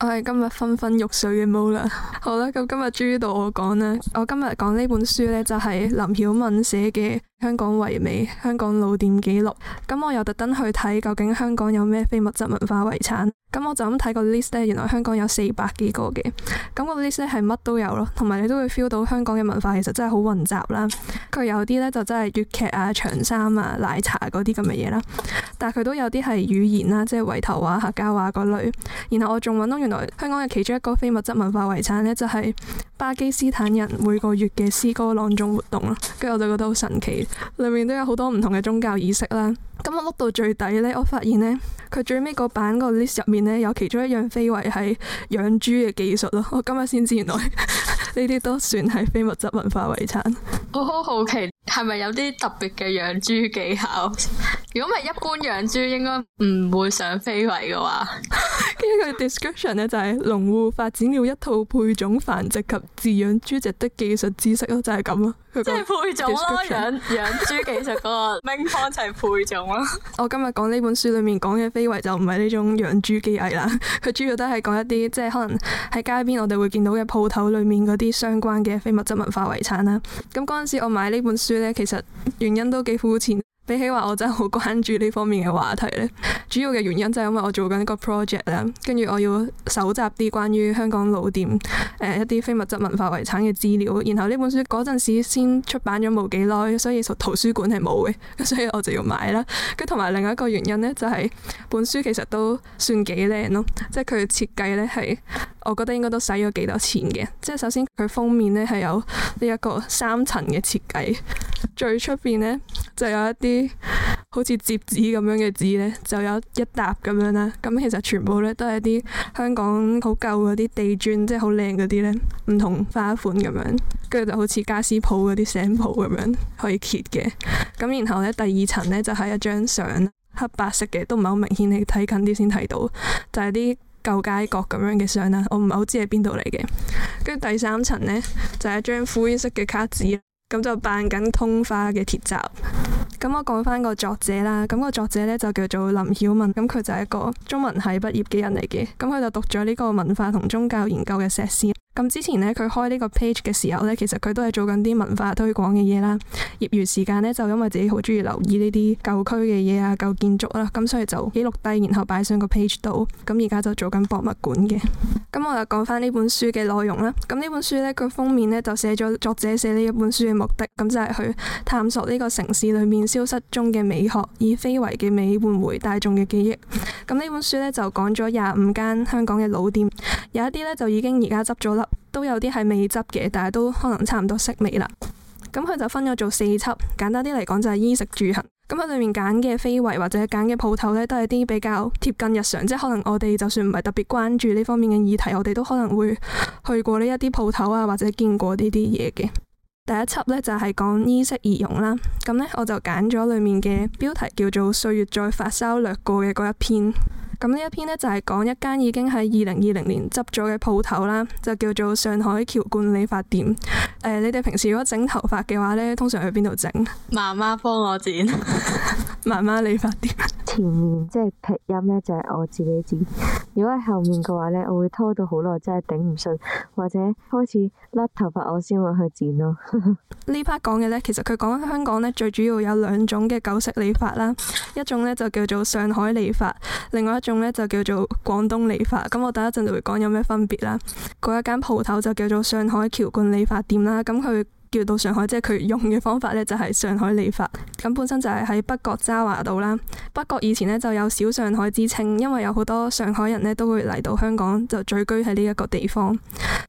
我係今日昏昏欲睡嘅模啦， 好啦，咁今日終於到我講啦。我今日講呢本書呢，就係林曉敏寫嘅《香港遺美：香港老店紀錄》。咁我又特登去睇究竟香港有咩非物質文化遺產。咁我就咁睇個 list 咧，原來香港有四百幾個嘅。咁個 list 咧係乜都有咯，同埋你都會 feel 到香港嘅文化其實真係好混雜啦。佢有啲呢，就真係粵劇啊、長衫啊、奶茶嗰啲咁嘅嘢啦，但係佢都有啲係語言啦，即係圍頭話、客家話嗰類。然後我仲揾到。香港嘅其中一個非物質文化遺產呢，就係巴基斯坦人每個月嘅詩歌朗誦活動啦。跟住我就覺得好神奇，裏面都有好多唔同嘅宗教儀式啦。咁我碌到最底呢，我發現呢，佢最尾個版，個 list 入面呢，有其中一樣非遺係養豬嘅技術咯。我今日先知，原來呢啲都算係非物質文化遺產。我好好奇，係咪有啲特別嘅養豬技巧？如果唔係一般養豬，應該唔會想非遺嘅話。呢個 description 咧，就係農戶發展了一套配種繁殖及飼養豬隻的技術知識咯，就係咁咯。即係配種咯，養養豬技術嗰、嗰個 main point 就係配種咯。我今日講呢本書裏面講嘅非遺就唔係呢種養豬技藝啦，佢主要都係講一啲即係可能喺街邊我哋會見到嘅鋪頭裏面嗰啲相關嘅非物質文化遺產啦。咁嗰陣時我買呢本書咧，其實原因都幾膚淺。比起話我真係好關注呢方面嘅話題呢，主要嘅原因就係因為我做緊一個 project 啦，跟住我要搜集啲關於香港老店誒、呃、一啲非物質文化遺產嘅資料。然後呢本書嗰陣時先出版咗冇幾耐，所以屬圖書館係冇嘅，所以我就要買啦。跟同埋另外一個原因呢，就係本書其實都算幾靚咯，即係佢嘅設計呢，係我覺得應該都使咗幾多錢嘅。即係首先佢封面呢係有呢一個三層嘅設計，最出邊呢。就有一啲好似折紙咁樣嘅紙呢就有一沓咁樣啦。咁其實全部呢都係啲香港好舊嗰啲地磚，即係好靚嗰啲呢，唔同花款咁樣。跟住就好似家私鋪嗰啲 sample 咁樣可以揭嘅。咁然後呢，第二層呢就係一張相，黑白色嘅，都唔係好明顯，你睇近啲先睇到，就係啲舊街角咁樣嘅相啦。我唔係好知係邊度嚟嘅。跟住第三層呢，就係一張灰色嘅卡紙。咁就扮緊通花嘅鐵閘。咁 我講返個作者啦。咁個作者呢，就叫做林曉敏。咁佢就係一個中文系畢業嘅人嚟嘅。咁佢就讀咗呢個文化同宗教研究嘅碩士。咁之前呢，佢開呢個 page 嘅時候呢，其實佢都係做緊啲文化推廣嘅嘢啦。業餘時間呢，就因為自己好中意留意呢啲舊區嘅嘢啊、舊建築啦，咁所以就記錄低，然後擺上個 page 度。咁而家就在做緊博物館嘅。咁 我就講翻呢本書嘅內容啦。咁呢本書呢，個封面呢，就寫咗作者寫呢一本書嘅目的，咁就係去探索呢個城市裏面消失中嘅美學，以非遺嘅美換回大眾嘅記憶。咁 呢本書呢，就講咗廿五間香港嘅老店，有一啲呢，就已經而家執咗笠。都有啲係未執嘅，但係都可能差唔多息微啦。咁佢就分咗做四輯，簡單啲嚟講就係衣食住行。咁喺裏面揀嘅非遺或者揀嘅鋪頭呢，都係啲比較貼近日常，即係可能我哋就算唔係特別關注呢方面嘅議題，我哋都可能會去過呢一啲鋪頭啊，或者見過呢啲嘢嘅。第一輯呢，就係講衣食易容啦。咁呢，我就揀咗裏面嘅標題叫做《歲月在髮梢掠過》嘅嗰一篇。咁呢一篇呢，就係講一間已經喺二零二零年執咗嘅鋪頭啦，就叫做上海僑冠理髮店。誒、呃，你哋平時如果整頭髮嘅話呢，通常去邊度整？媽媽幫我剪，媽媽 理髮店。前面即係皮音呢，就係我自己剪。如果喺後面嘅話呢，我會拖到好耐，真係頂唔順，或者開始甩頭髮，我先會去剪咯。呢 part 講嘅呢，其實佢講香港呢，最主要有兩種嘅舊式理髮啦，一種呢，就叫做上海理髮，另外一種仲咧就叫做廣東理髮，咁我等一陣就會講有咩分別啦。嗰一間鋪頭就叫做上海僑冠理髮店啦，咁佢。叫到上海，即係佢用嘅方法呢，就係上海理髮。咁本身就係喺北角渣華道啦。北角以前呢，就有小上海之稱，因為有好多上海人呢，都會嚟到香港就聚居喺呢一個地方。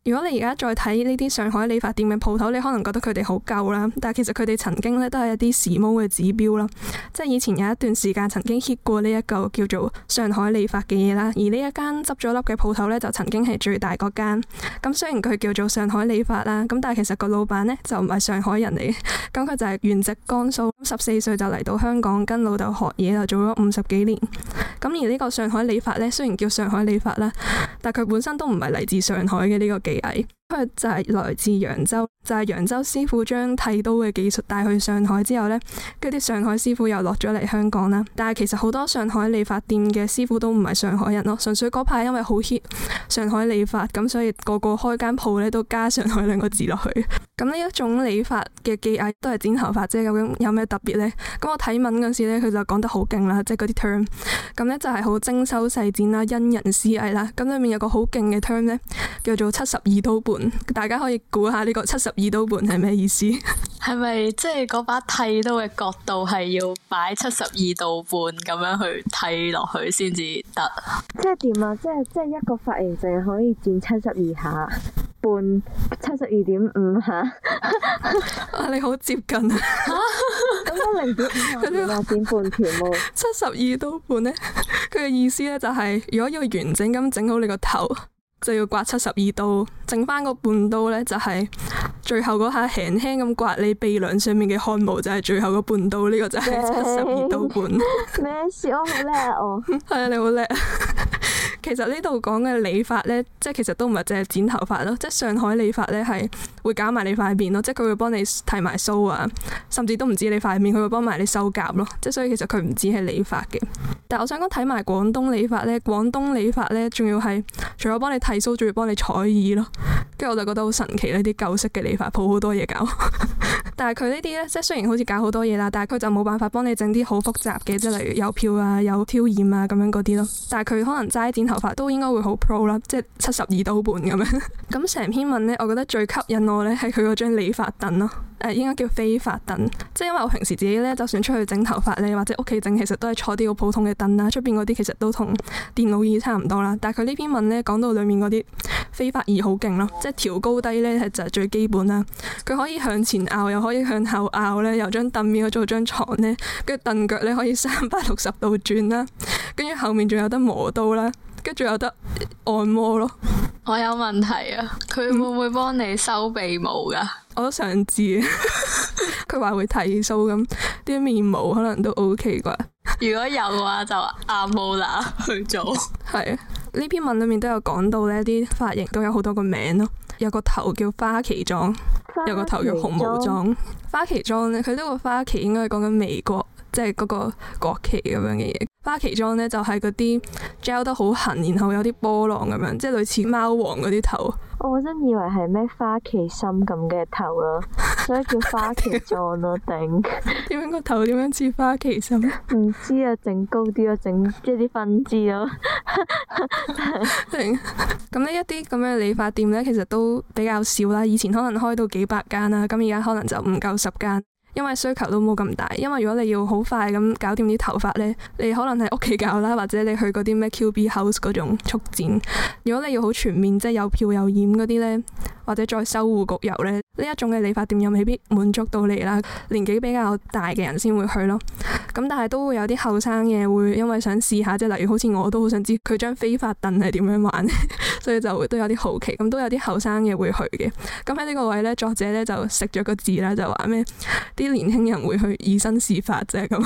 如果你而家再睇呢啲上海理髮店嘅鋪頭，你可能覺得佢哋好舊啦，但係其實佢哋曾經呢，都係一啲時髦嘅指標啦。即係以前有一段時間曾經 hit 過呢一個叫做上海理髮嘅嘢啦。而呢一間執咗笠嘅鋪頭呢，就曾經係最大嗰間。咁雖然佢叫做上海理髮啦，咁但係其實個老闆呢。就唔係上海人嚟嘅。咁佢就係原籍江蘇，十四歲就嚟到香港跟老豆學嘢，就做咗五十幾年。咁而呢個上海理髮呢，雖然叫上海理髮啦，但佢本身都唔係嚟自上海嘅呢個技藝。佢就係來自揚州，就係揚州師傅將剃刀嘅技術帶去上海之後呢，跟啲上海師傅又落咗嚟香港啦。但係其實好多上海理髮店嘅師傅都唔係上海人咯，純粹嗰排因為好 hit 上海理髮，咁所以個個開間鋪呢都加上海兩個字落去。咁 呢一種理髮嘅技藝都係剪頭髮啫，究竟有咩特別呢？咁我睇文嗰時呢，佢就講得好勁啦，即係嗰啲 term。咁呢就係好精修細剪啦，因人施藝啦。咁裏面有個好勁嘅 term 呢，叫做七十二刀半。大家可以估下呢個七十二刀半係咩意思？係咪即係嗰把剃刀嘅角度係要擺七十二度半咁樣去剃落去先至得？即係點啊？即係即係一個髮型淨係可以剪七十二下半，七十二點五下啊！你好接近啊，咁多零點五、零點半條毛，七十二刀半咧？佢嘅意思咧就係如果要完整咁整好你個頭。就要刮七十二刀，剩翻個半刀呢，就係最後嗰下輕輕咁刮你鼻梁上面嘅汗毛，就係最後個半刀，呢個就係七十二刀半。咩事？我好叻哦！係啊，你好叻。其實呢度講嘅理髮呢，即係其實都唔係淨係剪頭髮咯，即係上海理髮呢係會搞埋你塊面咯，即係佢會幫你剃埋鬚啊，甚至都唔止你塊面，佢會幫埋你修甲咯。即係所以其實佢唔止係理髮嘅。但我想講睇埋廣東理髮呢。廣東理髮呢，仲要係除咗幫你剃鬚，仲要幫你採耳咯，跟住我就覺得好神奇，呢啲舊式嘅理髮鋪好多嘢搞。 但係佢呢啲呢，即係雖然好似搞好多嘢啦，但係佢就冇辦法幫你整啲好複雜嘅，即係例如有票啊、有挑染啊咁樣嗰啲咯。但係佢可能齋剪頭髮都應該會好 pro 啦，即係七十二刀半咁樣。咁 成篇文呢，我覺得最吸引我呢係佢嗰張理髮凳咯，誒、呃、應該叫飛髮凳，即係因為我平時自己呢，就算出去整頭髮呢，或者屋企整，其實都係坐啲好普通嘅凳啦。出邊嗰啲其實都同電腦椅差唔多啦。但係佢呢篇文呢，講到裏面嗰啲飛髮椅好勁咯，即係調高低呢，係就係、是、最基本啦。佢可以向前拗又可以向後拗咧，由張凳面去做張床咧，跟住凳腳咧可以三百六十度轉啦，跟住後面仲有得磨刀啦，跟住有得按摩咯。我有問題啊，佢會唔會幫你修鼻毛噶？嗯、我都想知，佢 話會剃鬚咁啲面毛，可能都 OK 啩？如果有嘅話，就阿姆娜去做。係啊， 呢篇文裏面都有講到咧，啲髮型都有好多個名咯。有個頭叫花旗裝，有個頭叫紅毛裝。花旗裝呢，佢呢個花旗應該講緊美國，即係嗰個國旗嗰樣嘢。花旗裝呢，就係嗰啲 gel 得好痕，然後有啲波浪咁樣，即係類似貓王嗰啲頭。我真以為係咩花旗心咁嘅頭咯、啊，所以叫花旗裝咯、啊，頂。點樣個頭點樣似花旗心？唔知啊，整高啲咯，整即係啲分支咯、啊。咁呢一啲咁嘅理髮店呢，其實都比較少啦。以前可能開到幾百間啦，咁而家可能就唔夠十間。因為需求都冇咁大，因為如果你要好快咁搞掂啲頭髮咧，你可能喺屋企搞啦，或者你去嗰啲咩 QB House 嗰種速剪。如果你要好全面，即係又漂又染嗰啲咧，或者再修護焗油咧。呢一種嘅理髮店又未必滿足到你啦，年紀比較大嘅人先會去咯。咁但係都會有啲後生嘅會因為想試下，即係例如好似我都好想知佢張飛髮凳係點樣玩， 所以就會都有啲好奇。咁都有啲後生嘅會去嘅。咁喺呢個位呢，作者呢就食咗個字啦，就話咩啲年輕人會去，人會去以身試法啫咁。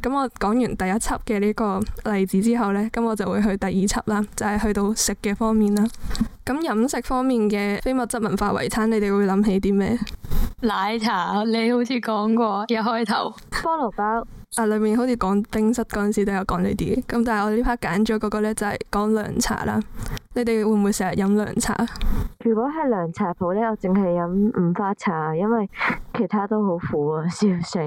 咁 我講完第一輯嘅呢個例子之後呢，咁我就會去第二輯啦，就係、係、去到食嘅方面啦。咁飲食方面嘅非物質文化遺產，你哋會諗起啲咩？奶茶，你好似講過一開頭 菠蘿包啊，裏面好似講冰室嗰陣時都有講呢啲，咁但係我呢 part 揀咗嗰個呢就係講涼茶啦。你哋會唔會成日飲涼茶？如果係涼茶鋪呢，我淨係飲五花茶，因為其他都好苦啊，笑死！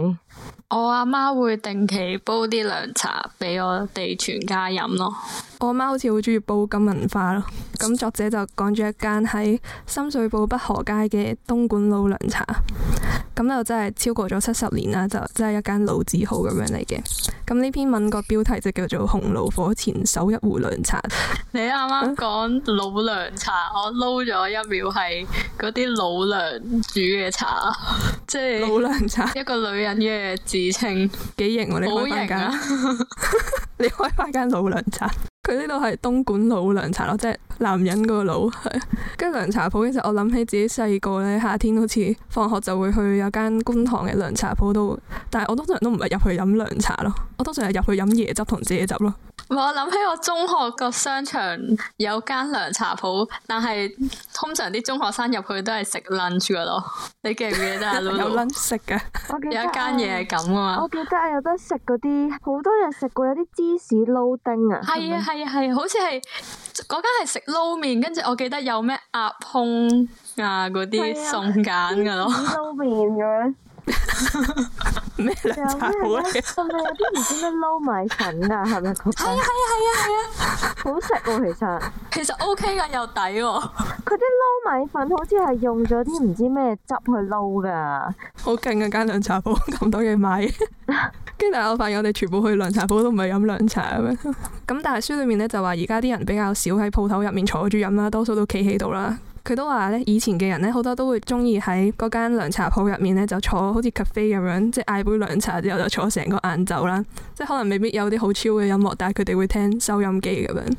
我阿媽會定期煲啲涼茶俾我哋全家飲咯。我阿媽好似好中意煲金銀花咯。咁作者就講咗一間喺深水埗北河街嘅東莞佬涼茶，咁就真係超過咗七十年啦，就真係一間老字號咁樣嚟嘅。咁呢篇文個標題就叫做《紅爐火前手一壺涼茶》。你剛剛啊。你啱啱講。老涼茶，我撈咗一秒係嗰啲老娘煮嘅茶， 即係老涼茶。一個女人嘅自稱，幾型我你開翻間，你開翻間帥 老涼茶。佢呢度係東莞老，娘茶老 涼茶咯，即係男人嗰個老。跟住涼茶鋪，其實我諗起自己細個呢，夏天好似放學就會去有間觀塘嘅涼茶鋪度，但係我通常都唔係入去飲涼茶咯，我通常係入去飲椰汁同蔗汁咯。我諗起我中學個商場有間涼茶鋪，但係通常啲中學生入去都係食 lunch 噶咯。你記唔記得 有 lunch 食噶？有一間嘢係咁啊！我記得有得食嗰啲，好多人食過有啲芝士撈丁啊！係啊係啊係、啊，好似係嗰間係食撈麵，跟住我記得有咩鴨胸啊嗰啲餸揀噶咯，撈麵嘅。 咩咧？係咪 有啲唔知咩撈米粉噶？係咪？係啊係啊係啊係啊！啊啊啊好食喎、啊，其實 其實 OK 嘅，又抵喎、啊。佢啲撈米粉好似係用咗啲唔知咩汁去撈噶。 好勁啊！間涼茶鋪咁多嘢賣，跟住大我發現我哋全部去涼茶鋪都唔係飲涼茶咁樣。咁 但係書裡面咧就話而家啲人比較少喺鋪頭入面坐住飲啦，多數都企喺度啦。佢都話咧，以前嘅人咧，好多都會中意喺嗰間涼茶鋪入面咧，就坐好似 cafe 咁樣，即係嗌杯涼茶之後就坐成個晏晝啦。即可能未必有啲好超嘅音樂，但係佢哋會聽收音機咁樣。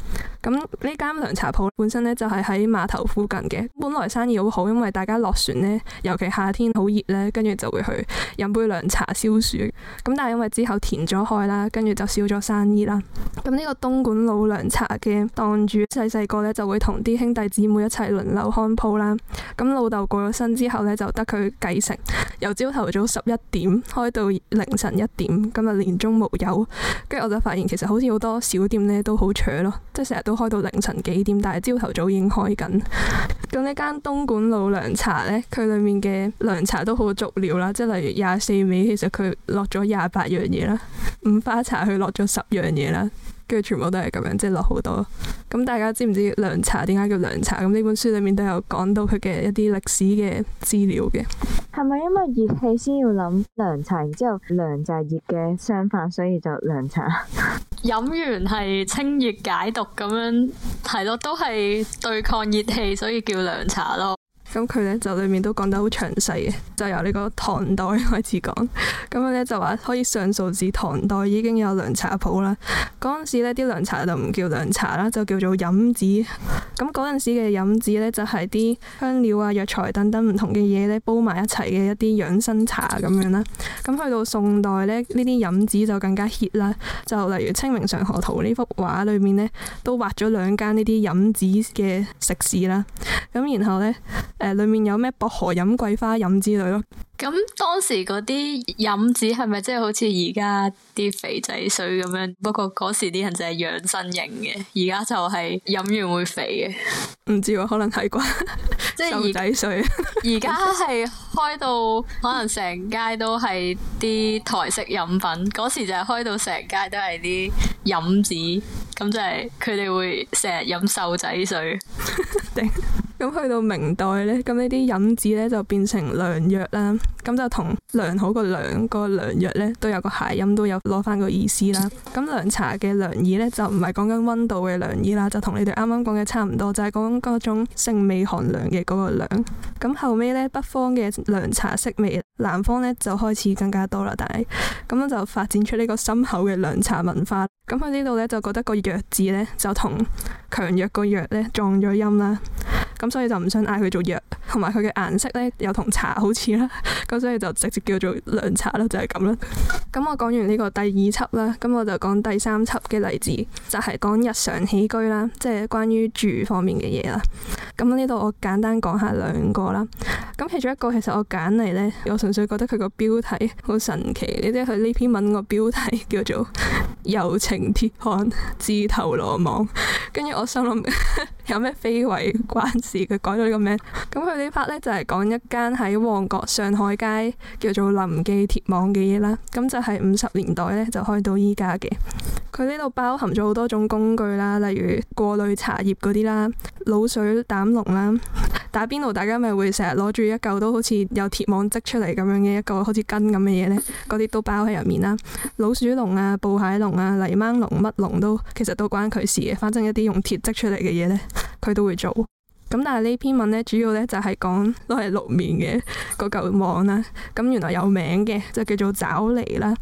咁呢間涼茶鋪本身咧就係喺碼頭附近嘅，本來生意好好，因為大家落船咧，尤其夏天好熱咧，跟住就會去飲杯涼茶消暑。咁但係因為之後填咗開啦，跟住就少咗生意啦。咁呢個東莞老涼茶嘅檔主細細個咧就會同啲兄弟姊妹一齊輪流。康鋪啦，咁老豆過咗身之後呢，就得佢繼承，由朝頭早十一點開到凌晨一點，今日年中無休，跟住我就發現其實好似好多小店呢都好扯咯，即係成日都開到凌晨幾點，但係朝頭早已經開緊。咁呢間東莞佬涼茶呢，佢裏面嘅涼茶都好足料啦，即係例如廿四味，其實佢落咗廿八樣嘢啦，五花茶佢落咗十樣嘢啦。跟住全部都係咁樣，即係落好多。咁大家知唔知涼茶點解叫涼茶？咁呢本書裏面都有講到佢嘅一啲歷史嘅資料嘅。係咪因為熱氣先要諗涼茶，然之後涼就係熱嘅相反，所以就涼茶。飲 完係清熱解毒咁樣，係咯，都係對抗熱氣，所以叫涼茶咯。咁佢咧就裏面都講得好詳細嘅，就由呢個唐代開始講。咁樣咧就話可以上溯至唐代已經有涼茶鋪啦。嗰陣時咧啲涼茶就唔叫涼茶啦，就叫做飲子。咁嗰陣時嘅飲子咧就係啲香料啊、藥材等等唔同嘅嘢咧煲埋一齊嘅一啲養生茶咁樣啦。咁去到宋代咧，呢啲飲子就更加 hit 啦。就例如《清明上河圖》呢幅畫裏面呢，都畫咗兩間呢啲飲子嘅食肆啦。咁然後呢。誒，裏面有咩薄荷飲、桂花飲之類咯。咁當時嗰啲飲子係咪即係好似而家啲肥仔水咁樣？不過嗰時啲人就係養生型嘅，而家就係飲完會肥嘅。唔知喎，可能係啩？即係肥仔水。而家係開到可能成街都係啲台式飲品，嗰時就係開到成街都係啲飲子，咁就係佢哋會成日飲瘦仔水。咁去到明代呢，咁呢啲飲子呢就變成涼藥啦。咁就同良好個涼個涼藥呢都有個諧音，都有攞翻個意思啦。咁涼茶嘅涼意呢就唔係講緊溫度嘅涼意啦，就同你哋啱啱講嘅差唔多，就係講嗰種性味寒涼嘅嗰個涼。咁後尾呢，北方嘅涼茶式微，南方呢，就開始更加多啦。但係咁樣就發展出呢個深厚嘅涼茶文化。咁喺呢度咧，就覺得個弱字咧就同強弱個弱咧撞咗音啦，咁所以就唔想嗌佢做弱，同埋佢嘅顏色咧又同茶好似啦，咁所以就直接叫做涼茶啦，就係咁啦。咁 我講完呢個第二輯啦，咁我就講第三輯嘅例子，就係講日常起居啦，即係關於住方面嘅嘢啦。咁呢度我簡單講下兩個啦。咁其中一個其實我揀嚟咧，我純粹覺得佢個標題好神奇，你即係佢呢篇文個標題叫做有情，鐵漢自投羅網，跟 住我心諗 有咩非為關事佢改咗呢個名。咁 佢呢 part 呢就係、是、講一間喺旺角上海街叫做林記鐵網嘅嘢啦。咁就係五十年代呢就開到依家嘅。佢呢度包含咗好多種工具啦，例如過濾茶葉嗰啲啦、滷水膽籠啦、 打邊爐大家咪會成日攞住一嚿都好似有鐵網織出嚟咁樣嘅一個好似筋咁嘅嘢咧，嗰啲都包喺入面啦。老鼠籠啊、捕蟹籠啊、泥鯭籠乜籠都，其實都關佢事嘅。反正一啲用鐵織出嚟嘅嘢咧，佢都會做。咁但係呢篇文咧，主要咧就係講攞嚟淥麵嘅嗰嚿網啦。咁原來有名嘅，就叫做笊籬啦。呢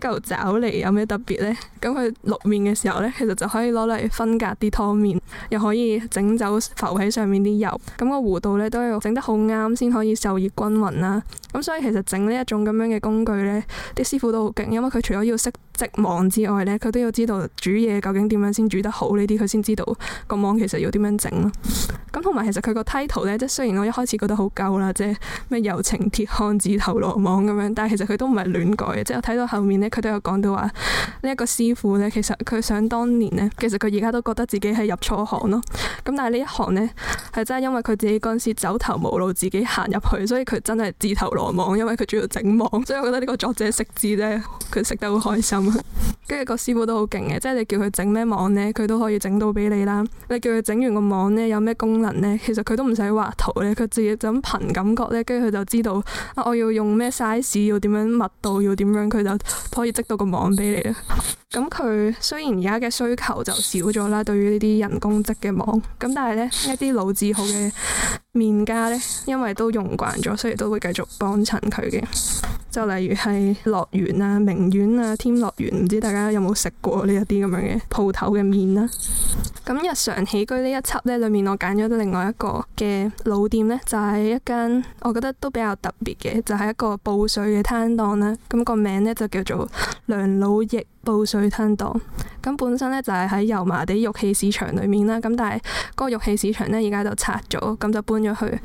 嚿笊籬有咩特別呢？咁佢淥麵嘅時候呢，其實就可以攞嚟分隔啲湯麵，又可以整走浮喺上面啲油。咁個弧度呢，都要整得好啱，先可以受熱均勻啦。咁所以其實整呢一種咁樣嘅工具呢，啲師傅都好勁，因為佢除咗要識織網之外呢，佢都要知道煮嘢究竟點樣先煮得好呢啲，佢先知道個網其實要點樣整咯。咁其實佢個 title 咧，即係雖然我一開始覺得好舊啦，即係咩柔情鐵漢自投羅網咁樣，但係其實佢都唔係亂改嘅。即係我睇到後面咧，佢都有講到話呢一個師傅咧，其實佢想當年咧，其實佢而家都覺得自己係入錯行咯。咁但係呢一行呢，係真係因爲佢自己嗰陣時走投無路，自己行入去，所以佢真係自投羅網，因爲佢仲要整網，所以我覺得呢個作者識字咧，佢識得好開心。跟 住個師傅都好勁嘅，即係你叫佢整咩網咧，佢都可以整到俾你啦。你叫佢整完個網咧，有咩功能？其實佢都唔使畫圖咧，佢自己就咁憑感覺咧，跟住佢就知道啊，我要用咩 size，要點樣密度，要點樣，佢就可以織到個網俾你啦。咁佢雖然而家嘅需求就少咗啦，對於呢啲人工織嘅網，咁但係咧一啲老字號嘅麵家呢，因為都用慣咗，所以都會繼續幫襯佢嘅。就例如係樂園啊、名苑啊、添樂園，唔知大家有冇食過呢一啲咁樣嘅鋪頭嘅麵啦。咁日常起居呢一輯呢，裏面我揀咗另外一個嘅老店呢，就係、是、一間我覺得都比較特別嘅，就係、是、一個報稅嘅攤檔啦。咁、那個名呢，就叫做梁老易。報稅攤檔，咁本身咧就係喺油麻地玉器市場裏面啦，咁但係嗰個玉器市場咧而家就拆咗，咁就搬咗去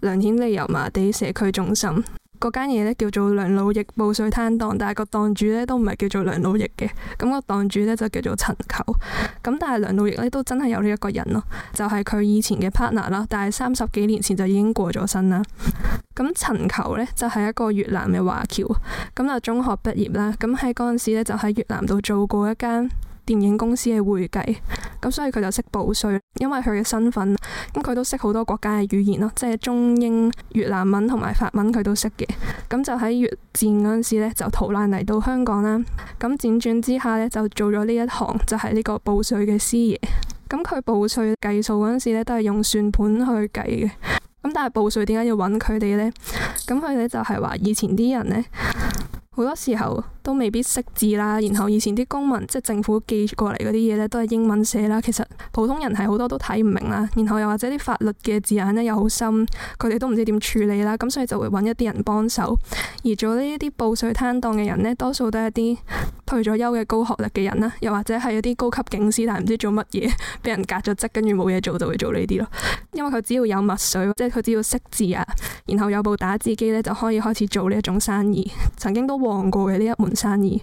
梁顯利油麻地社區中心。嗰間嘢咧叫做梁老易報稅攤檔，但係個檔主咧都唔係叫做梁老易嘅，咁、那個檔主咧就叫做陳球，咁但係梁老易咧都真係有呢一個人咯，就係、是、佢以前嘅 partner 啦，但係三十幾年前就已經過咗身啦。咁陳球咧就係一個越南嘅華僑，咁就中學畢業啦，咁喺嗰陣時咧就喺越南度做過一間。電影公司嘅會計，咁所以佢就識報稅，因為佢嘅身份，咁佢都識好多國家嘅語言咯，即係中英、越南文同埋法文佢都識嘅。咁就喺越戰嗰陣時咧，就逃難嚟到香港啦。咁輾轉之下咧，就做咗呢一行，就係呢個報稅嘅師爺。咁佢報稅計數嗰陣時咧，都係用算盤去計嘅。咁但係報稅點解要揾佢哋呢？咁佢哋就係話以前啲人呢。好多時候都未必識字啦，然後以前啲公民，即係政府寄過嚟嗰啲嘢咧，都係英文寫啦。其實普通人係好多都睇唔明啦。然後又或者啲法律嘅字眼咧又好深，佢哋都唔知點處理啦。咁所以就會揾一啲人幫手。而做呢一啲報稅攤檔嘅人呢，多數都係一啲退咗休嘅高學歷嘅人啦，又或者係一啲高級警司，但係唔知做乜嘢，俾人革咗職，跟住冇嘢做就會做呢啲咯。因為佢只要有墨水，即係佢只要識字啊，然後有部打字機呢，就可以開始做呢一種生意。曾經都旺過嘅呢一門生意，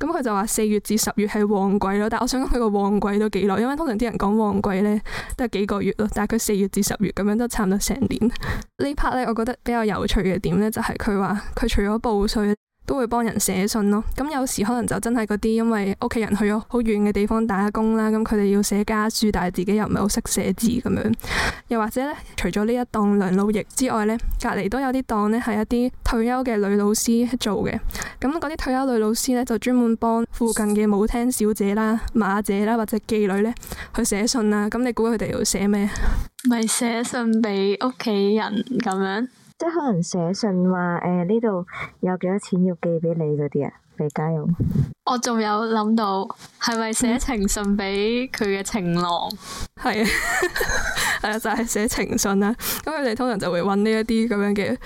咁佢就話四月至十月係旺季咯。但係我想講佢個旺季都幾耐，因為通常啲人講旺季呢都係幾個月咯。但係佢四月至十月咁樣都差唔多成年。呢 part 呢，我覺得比較有趣嘅點呢，就係佢話佢除咗報稅，都會幫人寫信咯，咁有時可能就真係嗰啲，因為屋企人去咗好遠嘅地方打工啦，咁佢哋要寫家書，但係自己又唔係好識寫字咁樣，又或者呢，除咗呢一檔梁老易之外呢，隔籬都有啲檔呢係一啲退休嘅女老師做嘅，咁嗰啲退休女老師呢，就專門幫附近嘅舞廳小姐啦、馬姐啦或者妓女呢去寫信啊，咁你估佢哋要寫咩？咪寫信俾屋企人咁樣。即係可能寫信話誒呢度有幾多錢要寄俾你嗰啲啊，你家用。我仲有諗到係咪寫情信俾佢嘅情郎？係啊、嗯，係啊是的， 就係、是、寫情信啦。咁佢哋通常就會搵呢一啲咁樣嘅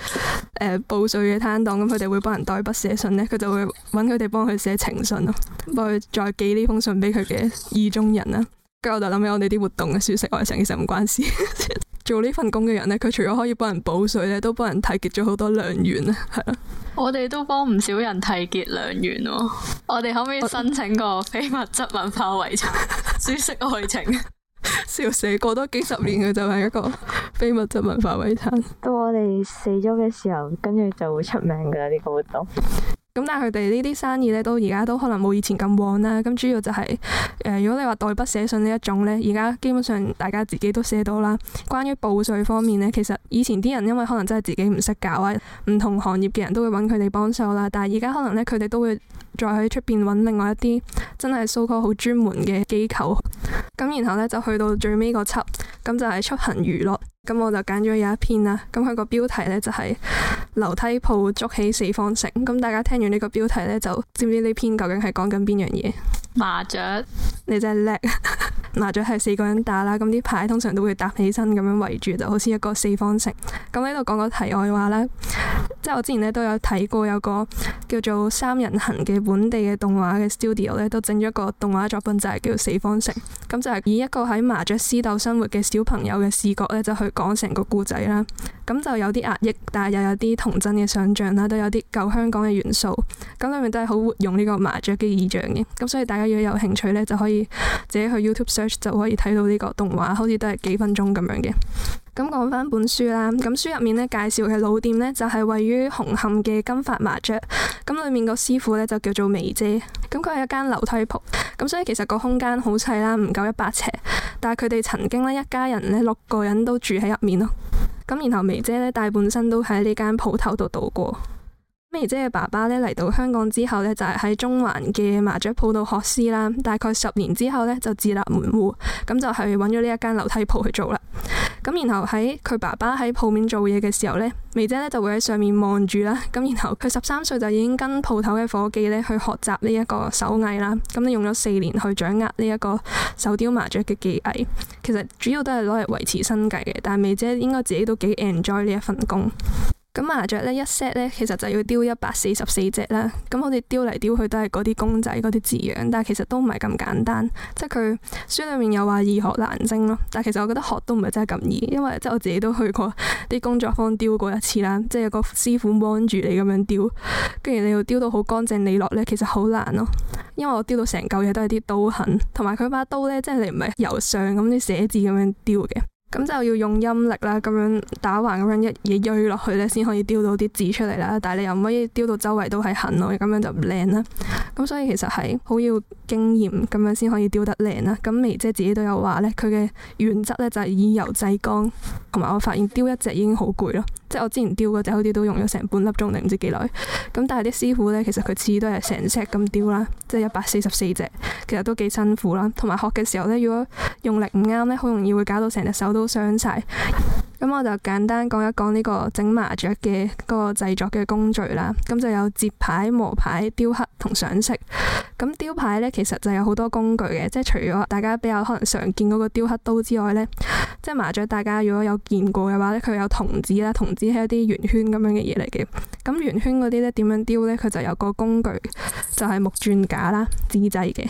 誒報稅嘅攤檔，咁佢哋會幫人代筆寫信咧，佢就會搵佢哋幫佢寫情信咯，幫佢再寄呢封信俾佢嘅意中人啦。跟住我就諗起我哋啲活動嘅消息，我哋成件事唔關事。 做呢份工嘅人呢，佢除咗可以幫人補水呢，都幫人締結咗好多良緣啊，係咯。我哋都幫唔少人締結良緣哦。 我哋可唔可以申請個非物質文化遺產？知 識適愛情。 笑死，過多幾十年嘅就係一個非物質文化遺產。到我哋死咗嘅時候，跟住就會出名噶啦呢個活動。咁但係佢哋呢啲生意咧，都而家都可能冇以前咁旺啦。咁主要就係誒，如果你話代筆寫信呢一種咧，而家基本上大家自己都寫到啦。關於報稅方面咧，其實以前啲人因為可能真係自己唔識搞啊，唔同行業嘅人都會搵佢哋幫手啦。但係而家可能咧，佢哋都會再喺出邊搵另外一啲真係 so call 好專門嘅機構。咁然後咧就去到最尾個輯，咁就係出行娛樂，咁我就揀咗有一篇啦。咁佢個標題咧就係、是、樓梯鋪捉起四方城，咁大家聽完呢個標題咧，就知唔知呢篇究竟係講緊邊樣嘢？麻雀，你真係叻。 麻雀係四個人打啦，咁啲牌通常都會搭起身咁樣圍住，就好似一個四方城。咁喺度講個題外話啦，即係我之前咧都有睇過有個叫做《三人行》嘅本地嘅動畫嘅 studio 咧，都整咗個動畫作品，就係叫《四方城》。咁就係以一個喺麻雀私鬥生活嘅小朋友嘅視角咧，就去講成個故仔啦。咁就有啲壓抑，但係又有啲童真嘅想像啦，都有啲舊香港嘅元素。咁裡面都係好活用呢個麻雀嘅意象嘅。咁所以大家如果有興趣咧，就可以自己去 YouTube s 就可以睇到呢個動畫，好似都係幾分鐘咁樣嘅。咁講翻本書啦，咁書入面呢介紹嘅老店呢，就係位於紅磡嘅金發麻雀，咁裡面個師傅呢，就叫做眉姐，咁佢係一間樓梯鋪，咁所以其實個空間好細啦，唔夠一百尺，但係佢哋曾經呢一家人呢六個人都住喺入面咯，咁然後眉姐呢，大半生都喺呢間鋪頭度度過。美姐嘅爸爸咧嚟到香港之後咧，就係、是、喺中環嘅麻雀鋪度學師啦。大概十年之後咧，就自立門戶，咁就係揾咗呢一間樓梯鋪去做啦。咁然後喺佢爸爸喺鋪面做嘢嘅時候咧，美姐咧就會喺上面望住啦。咁然後佢十三歲就已經跟鋪頭嘅伙計咧去學習呢一個手藝啦。咁咧用咗四年去掌握呢一個手雕麻雀嘅技藝。其實主要都係攞嚟維持生計嘅，但係美姐應該自己都幾 enjoy 呢一份工。咁麻雀咧一 set 咧，其實就要丟一百四十四隻啦。咁好似丟嚟丟去都係嗰啲公仔、嗰啲字樣，但係其實都唔係咁簡單。即係佢書裏面又話易學難精咯。但係其實我覺得學都唔係真係咁易，因為即係我自己都去過啲工作坊丟過一次啦。即係有個師傅幫住你咁樣丟，跟住你要丟到好乾淨利落咧，其實好難咯。因為我丟到成嚿嘢都係啲刀痕，同埋佢把刀咧，即係你唔係由上咁啲寫字咁樣丟嘅。咁就要用陰力啦，咁樣打橫咁樣一嘢堆落去咧，先可以雕到啲字出嚟啦。但係你又唔可以雕到周圍都係痕咯，咁樣就唔靚啦。咁所以其實係好要經驗，咁樣先可以雕得靚啦。咁眉姐自己都有話咧，佢嘅原則咧就係以柔制剛，同埋我發現雕一隻已經好攰咯。即係我之前雕嗰隻，好似都用咗成半粒鐘定唔知幾耐。咁但係啲師傅呢，其實佢次都係成 set 咁雕啦，即係一百四十四隻，其實都幾辛苦啦。同埋學嘅時候呢，如果用力唔啱呢，好容易會搞到成隻手都傷晒。咁我就簡單講一講呢個整麻雀嘅嗰個製作嘅工序啦。咁就有折牌、磨牌、雕刻同上色。咁雕牌咧，其實就有好多工具嘅，即係除咗大家比較可能常見嗰個雕刻刀之外咧，即係麻雀大家如果有見過嘅話咧，佢有筒子啦，筒子係一啲圓圈咁樣嘅嘢嚟嘅。咁圓圈嗰啲咧點樣雕咧？佢就有個工具，就係木鑽架啦，自製嘅。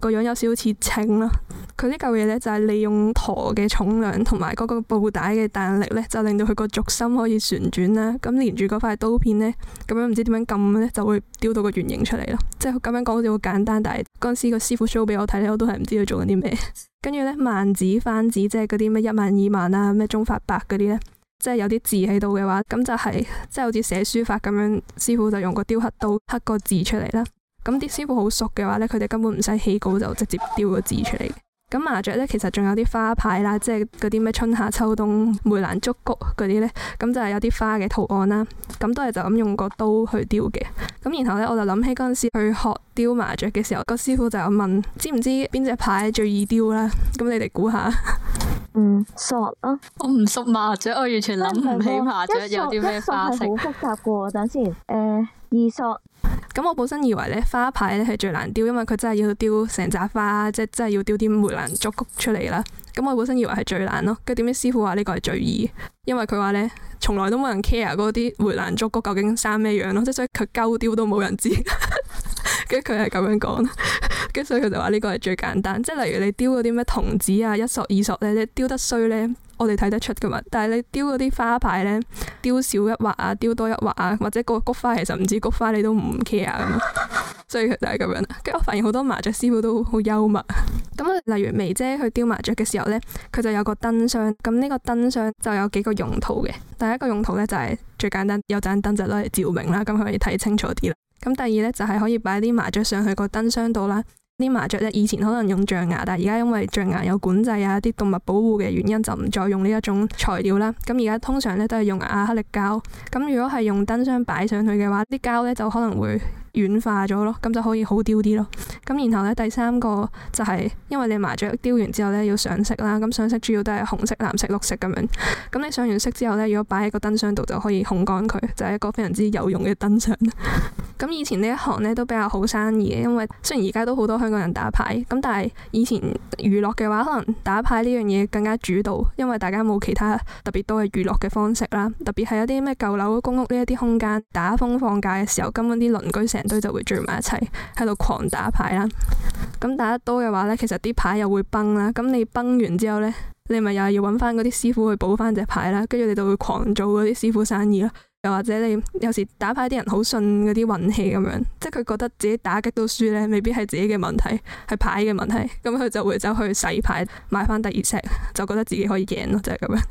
個樣有少少似秤咯。佢呢嚿嘢咧就係利用砣嘅重量同埋嗰個布帶嘅彈力咧，就令到佢個軸心可以旋轉啦。咁連住嗰塊刀片咧，咁樣唔知點樣撳咧，就會雕到個圓形出嚟咯。即係咁樣講好似，簡單，但係嗰陣時個師傅 show 俾我睇咧，我都係唔知佢做緊啲咩。跟住咧，萬子、番子，即係嗰啲咩一萬、二萬啊、咩中、發、白嗰啲咧，即係有啲字喺度嘅話，咁就係、是、即係好似寫書法咁樣。師傅就用個雕刻刀刻個字出嚟啦。咁啲師傅好熟嘅話咧，佢哋根本唔使起稿就直接雕個字出嚟。咁麻雀咧，其實仲有啲花牌啦，即係嗰啲咩春夏秋冬、梅蘭竹菊嗰啲咧，咁就係有啲花嘅圖案啦。咁都係就咁用個刀去雕嘅。咁然後咧，我就諗起嗰陣時去學雕麻雀嘅時候，個師傅就有問，知唔知邊隻牌最易雕咧？咁你哋估下？嗯，索咯、啊。我唔熟麻雀，我完全諗唔起麻雀有啲咩花式。一索係好複雜噶，等先。誒、呃，二索。咁我本身以為咧，花牌咧係最難雕，因為佢真係要雕成紮花，即係真係要雕啲梅蘭竹菊出嚟啦。咁我本身以為係最難咯。跟住點知師傅話呢個係最易，因為佢話咧，從來都冇人 care 嗰啲梅蘭竹菊究竟生咩樣咯，即係所以佢鳩雕都冇人知。跟住佢係咁樣講，跟住所以佢就話呢個係最簡單。即係例如你雕嗰啲咩童子啊、一索二索咧，你雕得衰咧。我哋睇得出噶嘛，但係你雕嗰啲花牌呢，雕少一畫啊，雕多一畫啊，或者個菊花其實唔知菊花，你都唔 care 咁， 所以佢就係咁樣啦。跟住我發現好多麻雀師傅都好幽默。咁 例如眉姐去雕麻雀嘅時候呢，佢就有個燈箱。咁呢個燈箱就有幾個用途嘅。第一個用途呢，就係最簡單，有盞燈就攞嚟照明啦，咁佢可以睇清楚啲啦。咁第二呢，就係、是、可以擺啲麻雀上去個燈箱度啦。啲麻雀咧，以前可能用象牙，但係而家因為象牙有管制啊，啲動物保護嘅原因就唔再用呢一種材料啦。咁而家通常咧都係用亞克力膠。咁如果係用燈箱擺上去嘅話，啲膠咧就可能會。軟化咗咯，咁就可以好雕啲咯。咁然後呢，第三個就係因為你麻雀雕完之後呢，要上色啦，咁上色主要都係紅色、藍色、綠色咁樣。咁你上完色之後呢，如果擺喺個燈箱度就可以烘乾佢，就係一個非常之有用嘅燈箱。咁 以前呢一行呢，都比較好生意嘅，因為雖然而家都好多香港人打牌，咁但係以前娛樂嘅話，可能打牌呢樣嘢更加主導，因為大家冇其他特別多嘅娛樂嘅方式啦。特別係一啲咩舊樓公屋呢一啲空間，打風放假嘅時候，根本啲鄰居成。隊就會聚埋一齊喺度狂打牌啦，咁打得多嘅話咧，其實啲牌又會崩啦。咁你崩完之後咧，你咪又係要揾翻嗰啲師傅去補翻隻牌啦。跟住你就會狂做嗰啲師傅生意啦。又或者你有時打牌啲人好信嗰啲運氣咁樣，即係佢覺得自己打極都輸咧，未必係自己嘅問題，係牌嘅問題。咁佢就會走去洗牌，買返第二隻，就覺得自己可以贏咯，就係、是、咁樣。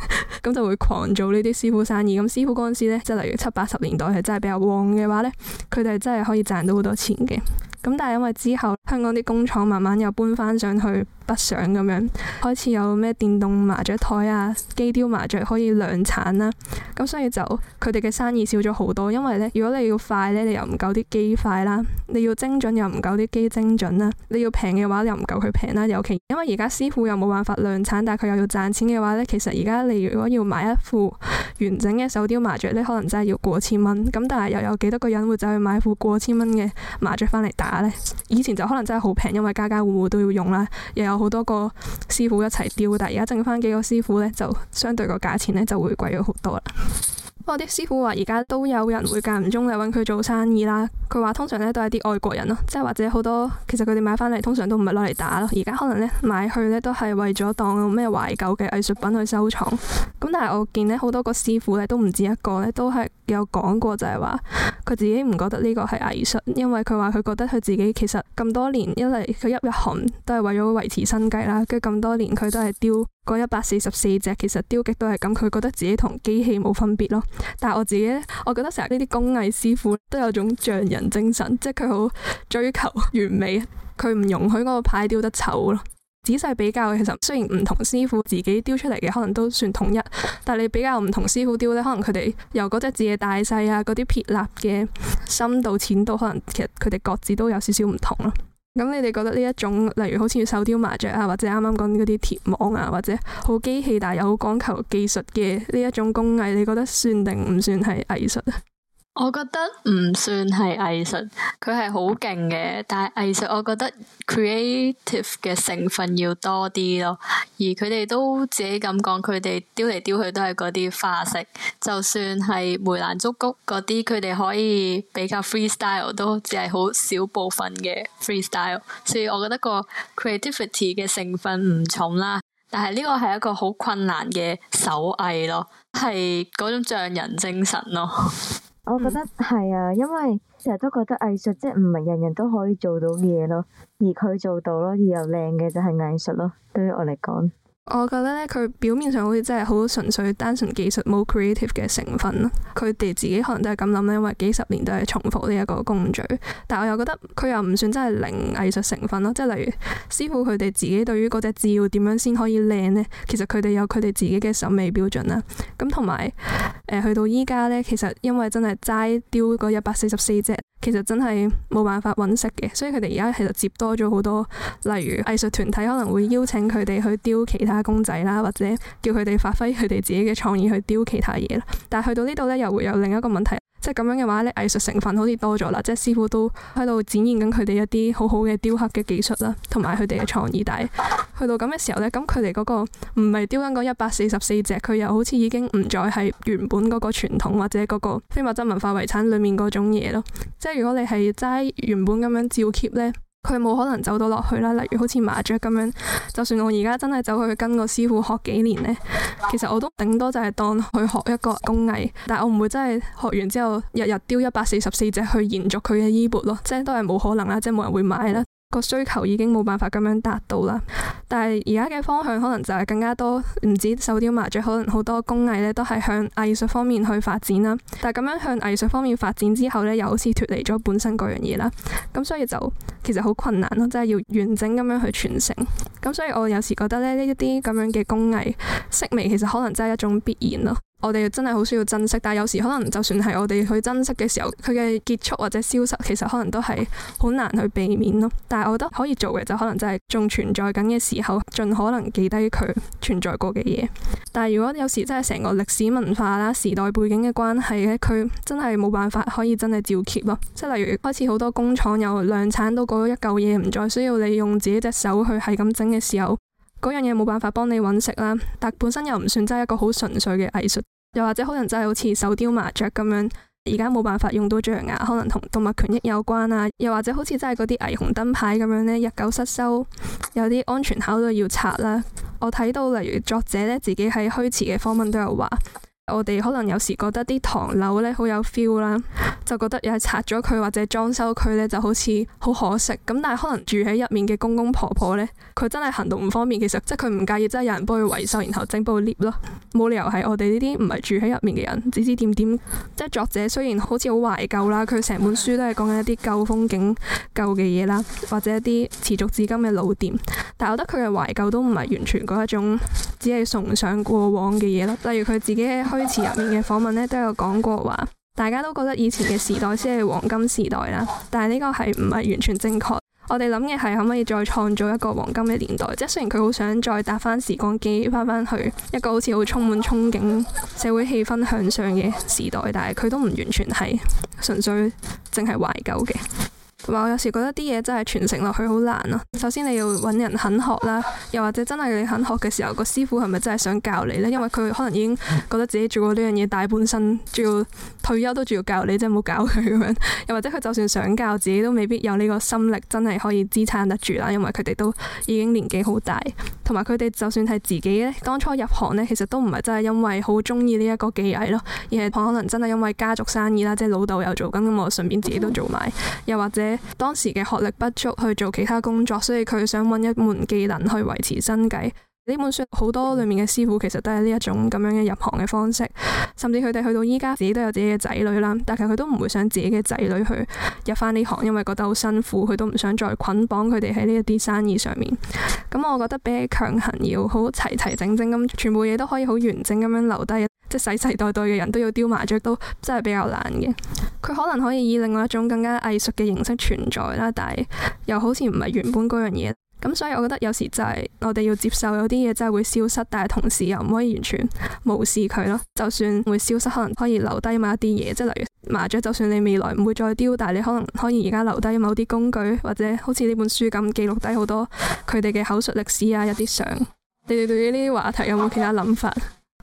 咁 就會狂做呢啲師傅生意。咁師傅嗰陣時咧，即係例如七八十年代係真係比較旺嘅話咧，佢哋真係可以賺到好多錢嘅。咁但係因為之後香港啲工廠慢慢又搬翻上去北上咁樣，開始有咩電動麻雀枱啊、機雕麻雀可以量產啦，咁、啊、所以就佢哋嘅生意少咗好多。因為呢，如果你要快呢，你又唔夠啲機快啦；你要精準又唔夠啲機精準啦；你要平嘅話又唔夠佢平啦。尤其因為而家師傅又冇辦法量產，但係佢又要賺錢嘅話呢，其實而家你如果要買一副完整嘅手雕麻雀呢，可能真係要過千蚊。咁但係又有幾多個人會走去買副過千蚊嘅麻雀翻嚟打？以前就可能真係好平，因為家家戶戶都要用啦，又有好多個師傅一齊雕，但係而家剩翻幾個師傅咧，就相對個價錢咧就會貴咗好多啦。我啲師傅話，而家都有人會間唔中嚟揾佢做生意啦。佢話通常咧都係啲外國人咯，即係或者好多其實佢哋買翻嚟通常都唔係攞嚟打咯。而家可能咧買去咧都係為咗當咩懷舊嘅藝術品去收藏。咁但係我見咧好多個師傅咧都唔止一個咧，都係有講過就係話佢自己唔覺得呢個係藝術，因為佢話佢覺得佢自己其實咁多年，因為佢一入行都係為咗維持生計啦。跟住咁多年佢都係丟。嗰一百四十四隻，其實雕極都係咁，佢覺得自己同機器冇分別咯。但係我自己，我覺得成日呢啲工藝師傅都有種匠人精神，即係佢好追求完美，佢唔容許嗰個牌雕得醜咯。仔細比較，其實雖然唔同師傅自己雕出嚟嘅可能都算統一，但係你比較唔同師傅雕呢，可能佢哋由嗰隻字嘅大細啊，嗰啲撇捺嘅深度、淺度，可能其實佢哋各自都有少少唔同咯。咁你哋覺得呢一種，例如好似手雕麻雀啊，或者啱啱講嗰啲鐵網啊，或者好機器但又好講求技術嘅呢一種工藝，你覺得算定唔算係藝術啊？我覺得唔算係藝術，佢係好勁嘅。但係藝術，我覺得 creative 嘅成分要多啲咯。而佢哋都自己咁講，佢哋雕嚟雕去都係嗰啲花式。就算係梅蘭竹菊嗰啲，佢哋可以比較 freestyle，都只係好少部分嘅 freestyle。所以我覺得個 creativity 嘅成分唔重啦。但係呢個係一個好困難嘅手藝咯，係嗰種匠人精神咯。 我覺得係啊，因為成日都覺得藝術即係唔係人人都可以做到嘅嘢咯，而佢做到咯，而又靚嘅就係藝術咯，對於我嚟講。我覺得咧，佢表面上好似真係好純粹單純、單純技術冇 creative 嘅成分咯。佢哋自己可能都係咁諗咧，因為幾十年都係重複呢一個工序。但係我又覺得佢又唔算真係零藝術成分咯。即係例如師傅佢哋自己對於嗰隻字要點樣先可以靚呢？其實佢哋有佢哋自己嘅審美標準啦。咁同埋誒，去、呃、到依家咧，其實因為真係齋雕嗰一百四十四隻隻。其實真係冇辦法揾食嘅，所以佢哋而家其實接多咗好多，例如藝術團體可能會邀請佢哋去雕其他公仔啦，或者叫佢哋發揮佢哋自己嘅創意去雕其他嘢啦。但係去到呢度呢，又會有另一個問題。即係咁樣嘅話咧，藝術成分好似多咗啦，即係師傅都喺度展現緊佢哋一啲好好嘅雕刻嘅技術啦，同埋佢哋嘅創意帶。但係去到咁嘅時候咧，咁佢哋嗰個唔係雕緊嗰一百四十四隻，佢又好似已經唔再係原本嗰個傳統或者嗰個非物質文化遺產裡面嗰種嘢咯。即係如果你係齋原本咁樣照 keep 咧。佢冇可能走到落去啦，例如好似麻雀咁樣， 就算我而家真係走去跟個師傅學幾年咧，其實我都頂多就係當去學一個工藝，但係我唔會真係學完之後日日丟一百四十四隻去延續佢嘅衣缽咯，即係都係冇可能啦，即係冇人會買啦。個需求已經冇辦法咁樣達到啦，但係而家嘅方向可能就係更加多，唔止手雕麻雀，可能好多工藝咧都係向藝術方面去發展啦。但係咁樣向藝術方面發展之後咧，又好似脫離咗本身嗰樣嘢啦。咁所以就其實好困難咯，真係要完整咁樣去傳承。咁所以我有時覺得咧呢一啲咁樣嘅工藝，式微其實可能真係一種必然咯。我哋真係好需要珍惜，但係有時可能就算係我哋去珍惜嘅時候，佢嘅結束或者消失，其實可能都係好難去避免咯。但係我覺得可以做嘅就可能就係仲存在緊嘅時候，盡可能記低佢存在過嘅嘢。但係如果有時真係成個歷史文化啦、時代背景嘅關係咧，佢真係冇辦法可以真係照揭咯。即係例如開始好多工廠有量產到嗰一舊嘢唔再需要你用自己隻手去係咁整嘅時候。嗰樣嘢冇辦法幫你揾食啦，但本身又唔算真係一個好純粹嘅藝術，又或者可能真係好似手雕麻雀咁樣，而家冇辦法用到象牙啊，可能同動物權益有關啊，又或者好似真係嗰啲霓虹燈牌咁樣呢，日久失修，有啲安全考慮要拆啦。我睇到例如作者呢，自己喺虛詞嘅訪問都有話。我哋可能有時覺得啲唐樓呢好有 feel 啦，就覺得又係拆咗佢或者裝修佢呢就好似好可惜。咁但係可能住喺入面嘅公公婆婆呢，佢真係行動唔方便。其實即係佢唔介意，真係有人幫佢維修，然後整部 lift 咯。冇理由係我哋呢啲唔係住喺入面嘅人，指指點點。即係作者雖然好似好懷舊啦，佢成本書都係講緊一啲舊風景、舊嘅嘢，啦，或者一啲持續至今嘅老店。但係我覺得佢嘅懷舊都唔係完全嗰一種，只係崇尚過往嘅嘢咯。例如佢自己。推辭入面嘅訪問咧，都有講過話，大家都覺得以前嘅時代先係黃金時代啦，但係呢個係唔係完全正確。我哋諗嘅係可唔可以再創造一個黃金嘅年代？即係雖然佢好想再搭翻時光機翻返去一個好似好充滿憧憬、社會氣氛向上嘅時代，但係佢都唔完全係純粹淨係懷舊嘅。同埋我有時覺得啲嘢真係傳承落去好難咯啊。首先你要揾人肯學啦，又或者真係你肯學嘅時候，個師傅係咪真係想教你呢？因為佢可能已經覺得自己做過呢樣嘢大半生，仲要退休都仲要教你，真係唔好搞佢咁樣。又或者佢就算想教自己，都未必有呢個心力，真係可以支撐得住啦。因為佢哋都已經年紀好大，同埋佢哋就算係自己呢，當初入行呢，其實都唔係真係因為好中意呢一個技藝咯，而係可能真係因為家族生意啦，即係老豆又做緊，咁我順便自己都做埋，又或者。當時嘅學歷不足去做其他工作，所以佢想揾一門技能去維持生計。呢本書好多裏面嘅師傅其實都係呢一種咁樣嘅入行嘅方式，甚至佢哋去到依家自己都有自己嘅仔女啦。但係佢都唔會想自己嘅仔女去入返呢行，因為覺得好辛苦，佢都唔想再捆綁佢哋喺呢一啲生意上面。咁我覺得比起強行要好齊齊整整咁，全部嘢都可以好完整咁樣留低。即係世世代代嘅人都要雕麻雀，都真係比較難嘅。佢可能可以以另外一種更加藝術嘅形式存在啦，但係又好似唔係原本嗰樣嘢。咁所以我覺得有時就係我哋要接受有啲嘢真係會消失，但係同時又唔可以完全無視佢咯。就算會消失，可能可以留低某一啲嘢，即係例如麻雀，就算你未來唔會再雕，但係你可能可以而家留低某啲工具，或者好似呢本書咁記錄低好多佢哋嘅口述歷史啊，一啲相。你哋對於呢啲話題有冇其他諗法？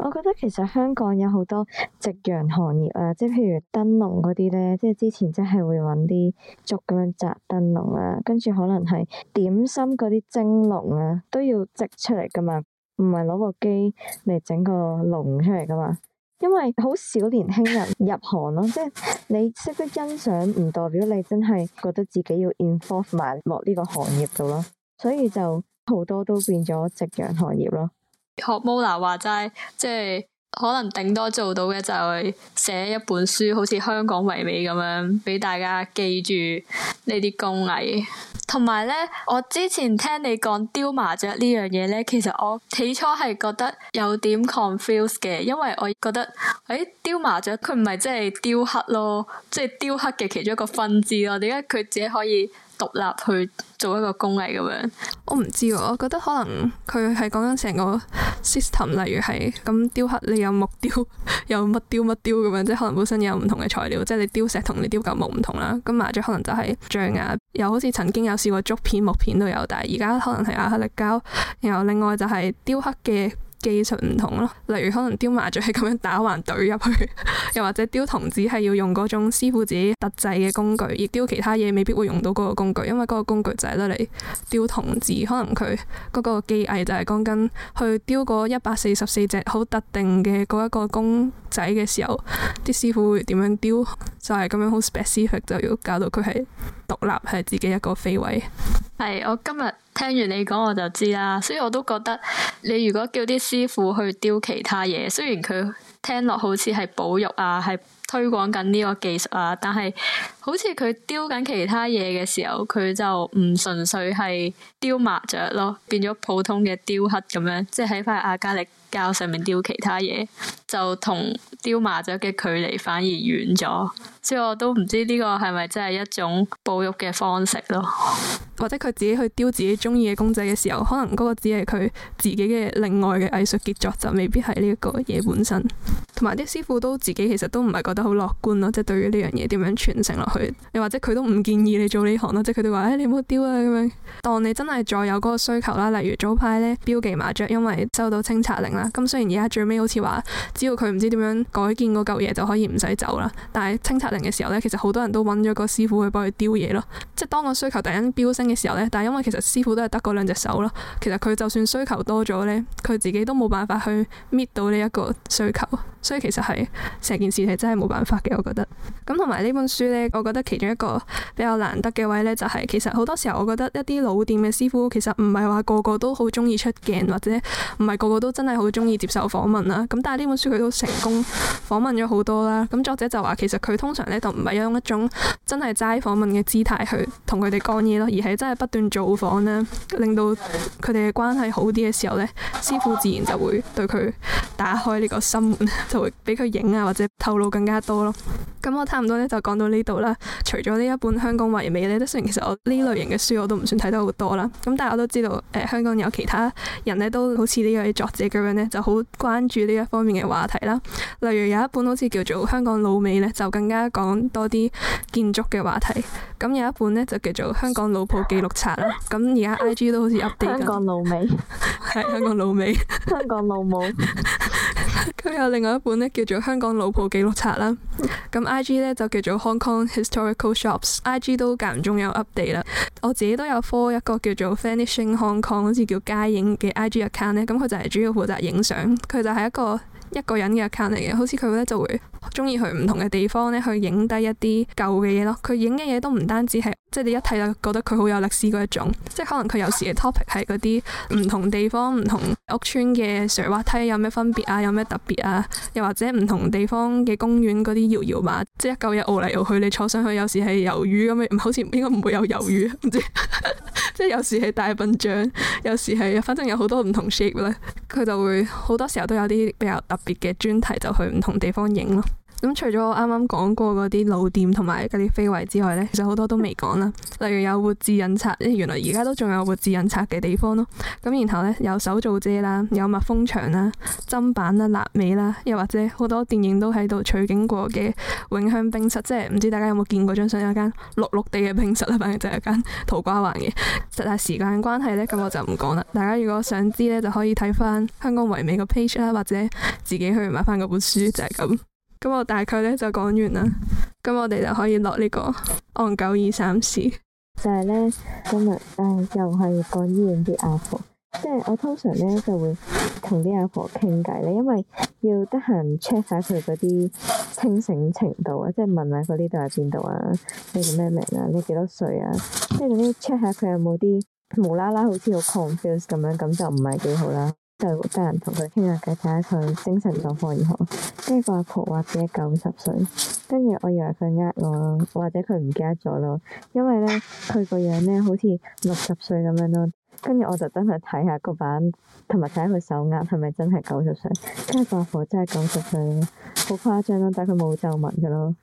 我覺得其實香港有好多夕陽行業啊，即係譬如燈籠嗰啲咧，即係之前真係會揾啲竹咁樣紮燈籠啊，跟住可能係點心嗰啲蒸籠啊，都要織出嚟噶嘛，唔係攞部機嚟整個籠出嚟噶嘛，因為好少年輕人入行咯，即係你識得欣賞，唔代表你真係覺得自己要 involve 埋落呢個行業度咯，所以就好多都變咗夕陽行業咯。學 Mola 話齋，即係可能頂多做到嘅就係寫一本書，好似香港遺美咁樣，俾大家記住藝呢啲工藝。同埋咧，我之前聽你講雕麻雀呢樣嘢咧，其實我起初係覺得有點 confuse 嘅，因為我覺得誒，雕、欸、麻雀佢唔係即係雕刻咯，即係雕刻嘅其中一個分支咯，點解佢自己可以？獨立去做一個工藝咁樣，我唔知，我覺得可能佢係講緊成個 system，例如係咁雕刻，你有木雕，有乜雕乜雕咁樣，即係可能本身有唔同嘅材料，即係你雕石同你雕舊木唔同啦。咁麻雀可能就係象牙，又好似曾經有試過竹片、木片都有，但係而家可能係亞克力膠。然後另外就係雕刻嘅。技術唔同咯，例如可能雕麻雀係咁樣打橫懟入去，又或者雕童子係要用嗰種師傅自己特製嘅工具，而雕其他嘢未必會用到嗰個工具，因為嗰個工具就係得嚟雕童子。可能佢嗰個技藝就係講緊去雕嗰一百四十四隻好特定嘅嗰一個公仔嘅時候，啲師傅會點樣雕，就係、是、咁樣好 specific 就要搞到佢係。獨立係自己一個飛位，係，我今日聽完你講我就知啦，所以我都覺得你如果叫啲師傅去雕其他嘢，雖然佢聽落好似係保育啊，係推廣緊呢個技術啊，但係好似佢雕緊其他嘢嘅時候，佢就唔純粹係雕麻雀咯，變咗普通嘅雕刻咁樣，即係喺塊阿加力膠上面雕其他嘢，就同雕麻雀嘅距離反而遠咗。即我都唔知呢個係咪真係一種保育嘅方式咯，或者佢自己去丟自己中意嘅公仔嘅時候，可能嗰個只係佢自己嘅另外嘅藝術傑作，就未必係呢一個嘢本身。同埋啲師傅都自己其實都唔係覺得好樂觀咯，即係對於呢樣嘢點樣傳承落去，又或者佢都唔建議你做呢行咯，即係佢哋話誒你唔好丟啊咁樣。當你真係再有嗰個需求啦，例如早排咧標記麻雀因為收到清拆令啦，咁雖然而家最尾好似話只要佢唔知點樣改建嗰嚿嘢就可以唔使走啦，但係清拆嘅時候咧，其實好多人都揾咗個師傅去幫佢雕嘢咯。即係當個需求突然間飆升嘅時候咧，但係因為其實師傅都係得嗰兩隻手咯，其實佢就算需求多咗咧，佢自己都冇辦法去搣到呢一個需求。所以其實係成件事係真係冇辦法嘅，我覺得。咁同埋呢本書呢，我覺得其中一個比較難得嘅位呢、就係，就係其實好多時候我覺得一啲老店嘅師傅其實唔係話個個都好中意出鏡，或者唔係個個都真係好中意接受訪問啦。咁但係呢本書佢都成功訪問咗好多啦。咁作者就話其實佢通常呢，就唔係用一種真係齋訪問嘅姿態去同佢哋講嘢咯，而係真係不斷造訪啦，令到佢哋嘅關係好啲嘅時候呢，師傅自然就會對佢打開呢個心門。就俾佢影啊，或者透露更加多咯。咁我差唔多咧就講到呢度啦。除咗呢一本香港遺美呢，都雖然其實我呢類型嘅書我都唔算睇得好多啦。咁但係我都知道，誒、呃，香港有其他人咧都好似呢位作者咁樣呢，就好關注呢一方面嘅話題啦。例如有一本好似叫做《香港老美》呢，就更加講多啲建築嘅話題。咁有一本咧就叫做《香港老舖記錄冊》啦，咁而家 I G 都好似 update。香港老美，係 香港老美。香港老母。咁有另外一本咧叫做《香港老舖記錄冊》啦，咁 I G 咧就叫做 Hong Kong Historical Shops，I G 都間唔中有 update 啦。我自己都有 follow 一個叫做 Vanishing Hong Kong，好似叫街影嘅 I G account 咧，咁佢就係主要負責影相，佢就係一個，一個人嘅 account 嚟嘅，好似佢咧就會中意去唔同嘅地方咧，去影低一啲舊嘅嘢咯。佢影嘅嘢都唔單止係，即係你一睇就覺得佢好有歷史嗰一種。即係可能佢有時嘅 topic 係嗰啲唔同地方、唔同屋村嘅水滑梯有咩分別啊，有咩特別啊？又或者唔同地方嘅公園嗰啲搖搖馬，即係一嚿嘢搖嚟搖去，你坐上去有時係魷魚咁嘅，好似應該唔會有魷魚，唔知 即係有時係大笨象，有時係，反正有好多唔同 shape 啦。佢就會好多時候都有啲比較特別嘅專題就去唔同地方影咯。咁除咗我啱啱講過嗰啲老店同埋嗰啲非遺之外呢，其實好多都未講啦。例如有活字印刷，因原來而家都仲有活字印刷嘅地方咯。咁然後呢，有手造遮啦，有蜜蜂場啦，砧板啦，臘味啦，又或者好多電影都喺度取景過嘅永香冰室，即係唔知大家有冇見過張相？有間綠綠地嘅冰室啦，反正就係間土瓜灣嘅。但係時間關係呢，咁我就唔講啦。大家如果想知呢，就可以睇翻香港遺美個 page 啦，或者自己去買翻嗰本書，就係咁。咁我大概咧就講完啦，咁我哋就可以落、這個嗯、呢個岸久二三事。就係咧今日唉、呃，又係個醫院啲阿婆，即係我通常咧就會同啲阿婆傾偈咧，因為要得閒 check 下佢嗰啲清醒程度啊，即係問下佢呢度係邊度啊，你叫咩名啊，你幾多歲啊，即係咁樣 check 下佢有冇啲無啦啦，好似好 confuse 咁樣，咁就唔係幾好啦。就得人同佢傾下偈，睇下佢精神狀況如何。跟住個阿婆話自己九十歲，跟住我以為佢呃我，或者佢唔記得咗咯。因為咧，佢個樣咧好似六十歲咁樣咯。跟住我就特登去睇下個版，同埋睇下佢手握係咪真係九十歲。跟住個阿婆真係九十歲，好誇張咯。但係佢冇皺紋嘅咯，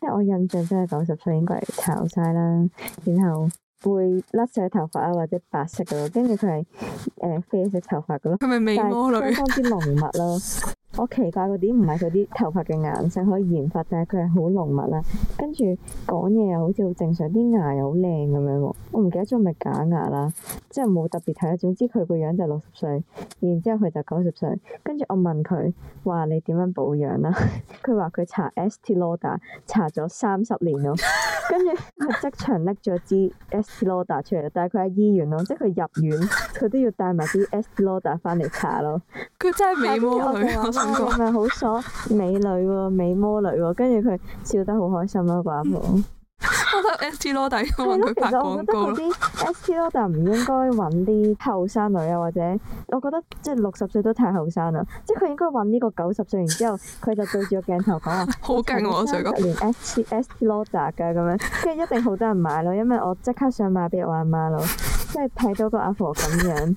即係我印象真係九十歲應該係炒晒啦，然後，會甩晒頭髮啊，或者白色噶咯，跟住佢係誒啡色頭髮噶咯，美魔女但係相當之濃密咯。 我奇怪嗰啲唔係佢啲頭髮嘅顏色可以染髮，但係佢係好濃密啦。跟住講嘢又好似好正常，啲牙又好靚咁樣喎。我唔記得咗係咪假牙啦，即係冇特別睇。總之佢個樣就六十歲，然之後佢就九十歲。跟住我問佢話你點樣保養啦、啊？佢話佢搽 Estée Lauder 搽咗三十年咯。跟住佢即場拎咗支 Estée Lauder 出嚟啦，但係佢喺醫院咯，即係佢入院佢都要帶埋啲 Estée Lauder 翻嚟搽咯。佢真係美魔女。係咪好爽？美女喎、啊，美魔女喎、啊，跟住佢笑得好開心啊！阿婆、 啊，我覺得 ST 羅迪，我問佢拍廣告。我覺得啲 ST 羅迪唔應該揾啲後生女啊，或者我覺得即係六十歲都太後生啦，即係佢應該揾呢個九十歲，然之後佢就對住個鏡頭講話。好勁喎，成個三十年 ST ST 羅迪噶咁樣，即係一定好多人買咯，因為我即刻想買俾我阿媽咯，即係睇到個阿婆咁樣。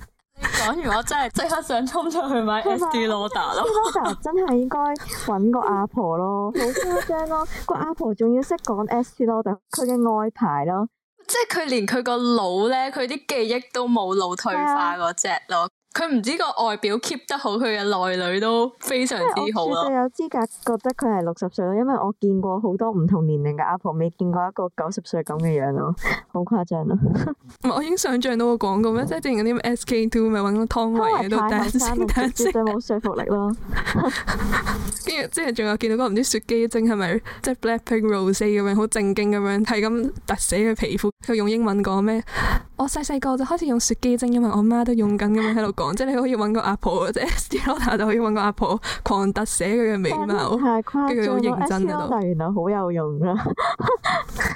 講完我真係即刻想衝出去買 SD loader 咯，真係應該搵個阿婆咯，好囂張咯，個阿婆仲要識講 SD loader，佢嘅外牌咯，即係佢連佢個腦咧，佢啲記憶都冇腦退化嗰隻咯。嗯佢唔知個外表 keep 得好，佢嘅內裏都非常之好啦。絕對有資格覺得佢係六十歲咯，因為我見過好多唔同年齡嘅阿婆，未見過一個九十歲咁嘅樣咯，好誇張咯。我已經想象到個廣告咩？對 即係之前嗰啲 SK Two 咪搵個湯唯喺度 dance，但係絕對冇說服力咯。跟 住 即係仲有見到個唔知雪肌精係咪即係 Blackpink Rosé 咁樣好正經咁樣係咁突死佢皮膚，佢用英文講咩？我細細個就開始用雪肌精，因為我媽都用緊咁樣喺度講，即係你可以揾個阿婆，即係 SDLOTA 就可以揾個阿婆狂特寫佢嘅美貌，嗯、太誇張，跟住好認真嘅都。那個原來好有用噶。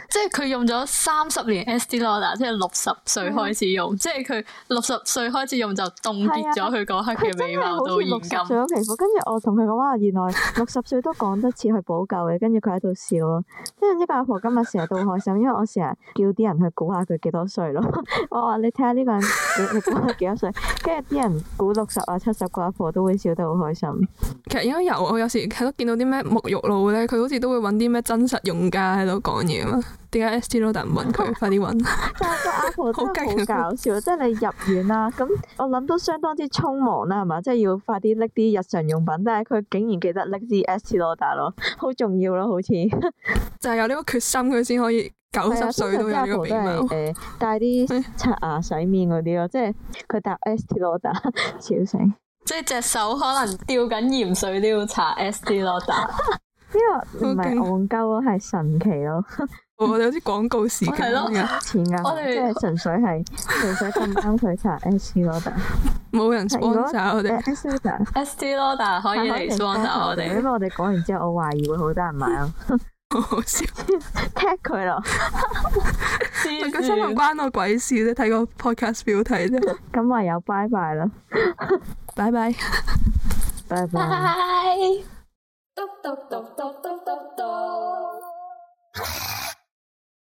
即係佢用咗三十年 SDLOTA， 即係六十歲開始用，即係佢六十歲開始用就凍結咗佢嗰刻嘅美貌到如今。做咗、嗯、 皮膚， 我跟住我同佢講啊，原來六十歲都講得似去補救嘅，跟住佢喺度笑咯。即係呢個阿婆今日成日都好開心，因為我成日叫啲人去估下佢幾多歲咯。 我話你睇下呢個人，你估幾多歲？跟住啲人估六十啊七十，個阿婆都會笑得好開心。其實應該有，我有時喺度見到啲咩沐浴露咧，佢好似都會揾啲咩真實用家喺度講嘢嘛。點解 Estée Lauder 唔揾佢？快啲揾！真係個阿婆都係好搞笑，即係你入院啦，咁我諗都相當之匆忙啦，係嘛，即係要快啲拎啲日常用品。但係佢竟然記得拎支 Estée Lauder 咯，好重要咯，好似就係有呢個決心，佢先可以。九十歲嘅一個鼻毛，誒、哦，帶啲刷牙、洗面嗰啲咯，即係佢搭 s t e e Lauder，死，即係隻手可能吊緊鹽水都要擦 s t e e Lauder，因唔係憨鳩咯，係神奇咯。我哋好似廣告時間錢哋即係純粹係純粹咁幫佢擦 s t e e l a d e 冇人查我哋。s t e e l a d e s t e e l a d e 可以我 s 我哋，因為我哋講完之後，我懷疑會好多人買咯，啊。 好好笑踢他了，踢佢咯！個新聞關我鬼事啫，睇個 podcast 表睇啫。咁咪 有拜拜咯，拜拜，拜拜。